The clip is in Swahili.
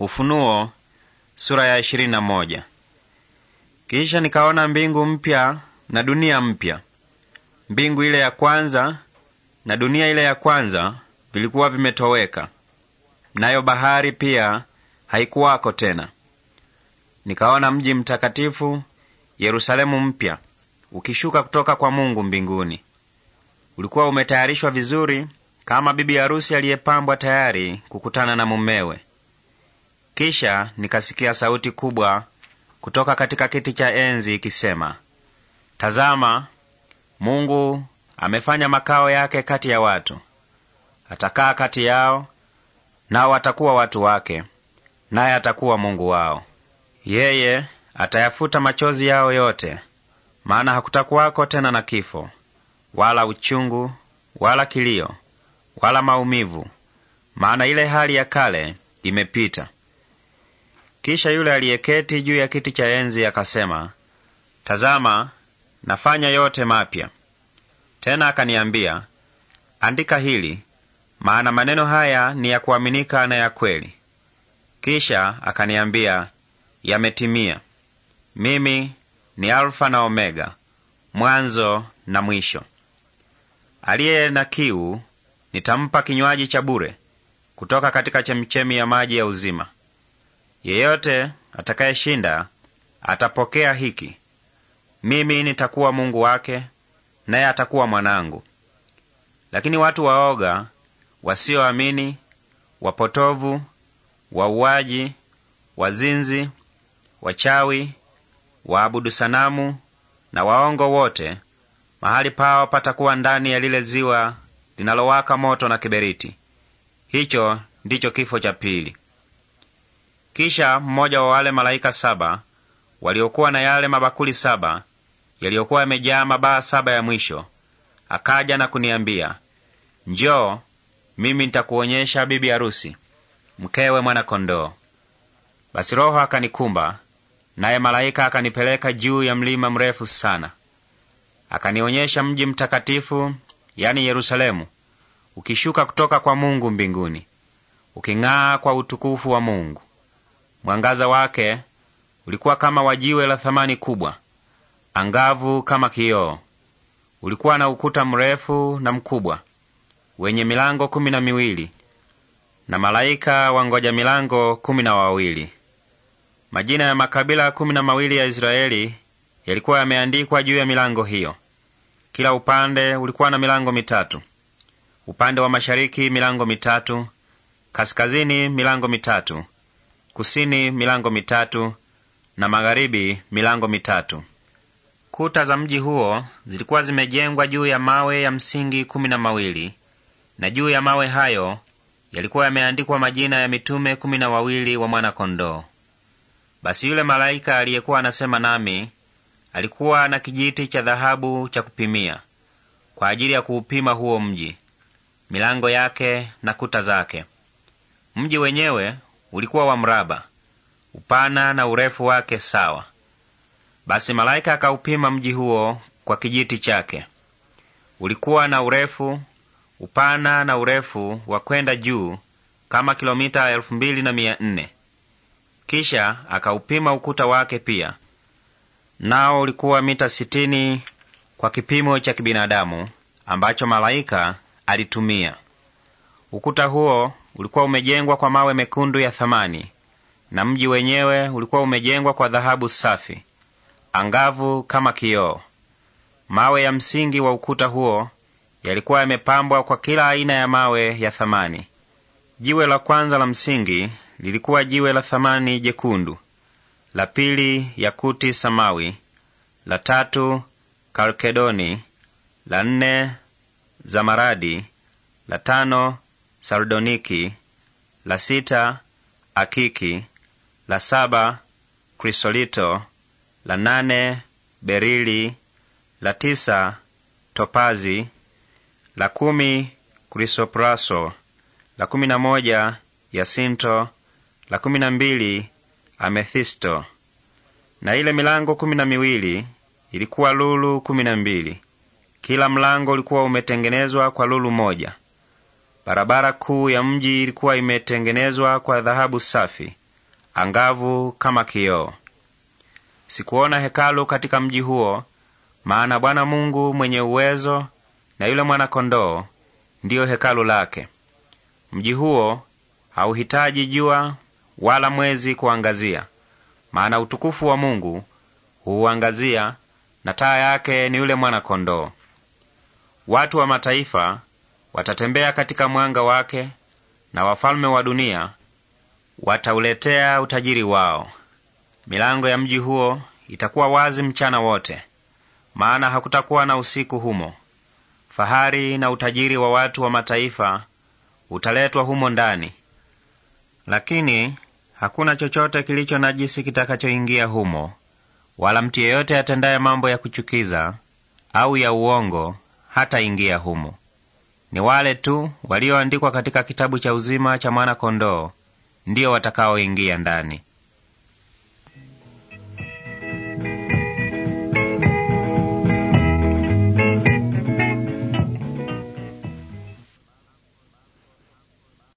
Ufunuo sura ya moja. Kisha nikaona mbingu mpya na dunia mpya. Mbingu ile ya kwanza na dunia ile ya kwanza vilikuwa vimetoweka, nayo bahari pia haikuwako tena. Nikaona mji mtakatifu Yerusalemu mpya ukishuka kutoka kwa Mungu mbinguni. Ulikuwa umetayarishwa vizuri kama bibi harusi aliyepambwa tayari kukutana na mumewe. Kisha nikasikia sauti kubwa kutoka katika kiti cha enzi ikisema, Tazama, Mungu amefanya makao yake kati ya watu, atakaa kati yao, nao watakuwa watu wake, naye atakuwa Mungu wao. Yeye atayafuta machozi yao yote, maana hakutakuwako tena na kifo wala uchungu wala kilio wala maumivu, maana ile hali ya kale imepita. Kisha yule aliyeketi juu ya kiti cha enzi akasema, Tazama, nafanya yote mapya. Tena akaniambia, andika hili, maana maneno haya ni ya kuaminika na ya kweli. Kisha akaniambia, yametimia. Mimi ni Alfa na Omega, mwanzo na mwisho. Aliye na kiu nitampa kinywaji cha bure kutoka katika chemchemi ya maji ya uzima. Yeyote atakayeshinda atapokea hiki. Mimi nitakuwa Mungu wake, naye atakuwa mwanangu. Lakini watu waoga, wasioamini, wapotovu, wauaji, wazinzi, wachawi, waabudu sanamu na waongo wote, mahali pao patakuwa ndani ya lile ziwa linalowaka moto na kiberiti. Hicho ndicho kifo cha pili. Kisha mmoja wa wale malaika saba waliokuwa na yale mabakuli saba yaliyokuwa yamejaa mabaa saba ya mwisho akaja na kuniambia, njoo, mimi nitakuonyesha bibi harusi, mkewe mwanakondoo Basi Roho akanikumba, naye malaika akanipeleka juu ya mlima mrefu sana, akanionyesha mji mtakatifu, yani Yerusalemu, ukishuka kutoka kwa Mungu mbinguni, uking'aa kwa utukufu wa Mungu. Mwangaza wake ulikuwa kama wajiwe la thamani kubwa, angavu kama kioo. Ulikuwa na ukuta mrefu na mkubwa wenye milango kumi na miwili na malaika wangoja milango kumi na wawili. Majina ya makabila kumi na mawili ya Israeli yalikuwa yameandikwa juu ya milango hiyo. Kila upande ulikuwa na milango mitatu: upande wa mashariki milango mitatu, kaskazini milango mitatu kusini milango mitatu na magharibi milango mitatu. Kuta za mji huo zilikuwa zimejengwa juu ya mawe ya msingi kumi na mawili na juu ya mawe hayo yalikuwa yameandikwa majina ya mitume kumi na wawili wa Mwana-Kondoo. Basi yule malaika aliyekuwa anasema nami alikuwa na kijiti cha dhahabu cha kupimia kwa ajili ya kuupima huo mji, milango yake na kuta zake. Mji wenyewe ulikuwa wa mraba, upana na urefu wake sawa. Basi malaika akaupima mji huo kwa kijiti chake. Ulikuwa na urefu, upana na urefu wa kwenda juu kama kilomita elfu mbili na mia nne. Kisha akaupima ukuta wake pia, nao ulikuwa mita sitini kwa kipimo cha kibinadamu ambacho malaika alitumia. Ukuta huo ulikuwa umejengwa kwa mawe mekundu ya thamani, na mji wenyewe ulikuwa umejengwa kwa dhahabu safi angavu kama kioo. Mawe ya msingi wa ukuta huo yalikuwa yamepambwa kwa kila aina ya mawe ya thamani. Jiwe la kwanza la msingi lilikuwa jiwe la thamani jekundu, la pili yakuti samawi, la tatu kalkedoni, la nne zamaradi, la tano sardoniki, la sita akiki, la saba krisolito, la nane berili, la tisa topazi, la kumi krisopraso, la kumi na moja yasinto, la kumi na mbili amethisto. Na ile milango kumi na miwili ilikuwa lulu kumi na mbili. Kila mlango ulikuwa umetengenezwa kwa lulu moja. Barabara kuu ya mji ilikuwa imetengenezwa kwa dhahabu safi angavu kama kioo. Sikuona hekalu katika mji huo, maana Bwana Mungu mwenye uwezo na yule mwanakondoo ndiyo hekalu lake. Mji huo hauhitaji jua wala mwezi kuangazia, maana utukufu wa Mungu huuangazia, na taa yake ni yule mwanakondoo Watu wa mataifa Watatembea katika mwanga wake, na wafalme wa dunia watauletea utajiri wao. Milango ya mji huo itakuwa wazi mchana wote, maana hakutakuwa na usiku humo. Fahari na utajiri wa watu wa mataifa utaletwa humo ndani, lakini hakuna chochote kilicho najisi kitakachoingia humo, wala mtu yeyote atendaye mambo ya kuchukiza au ya uongo hataingia humo ni wale tu walioandikwa katika kitabu cha uzima cha mwana-kondoo ndiyo watakaoingia ndani.